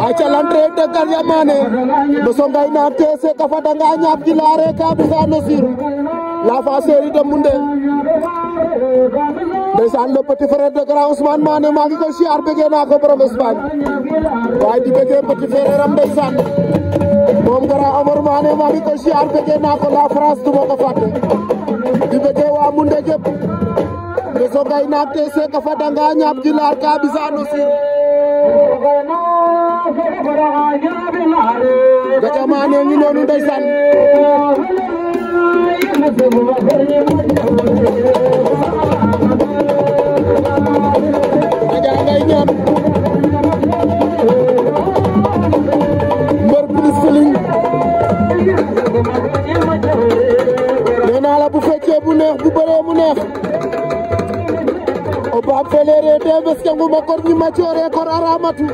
aca l'entrée de Garga Mané Mbosonga i na TSC ka fadanga a ñaap Dilare siir la fa séri de Moundé ndeysaan le petit de grand Ousmane Mané maa ngi koy siyaar bëggee naa ko borom Espagne waaye di bëggee petit frère am ndeysaan moom grand Omar Mané maa ngi koy siyaar bëggee naa ko la France du ma ko di bëggee waa Moundé jëpp Mbosonga i na TSC ka fadanga a ñaap Dilare siir Gacha Mané ngi noonu ndeysaan Aja ngay ñaan mbër bu siling nee naa la bu fekkee bu neex bu bëree mu neex o baab feleere te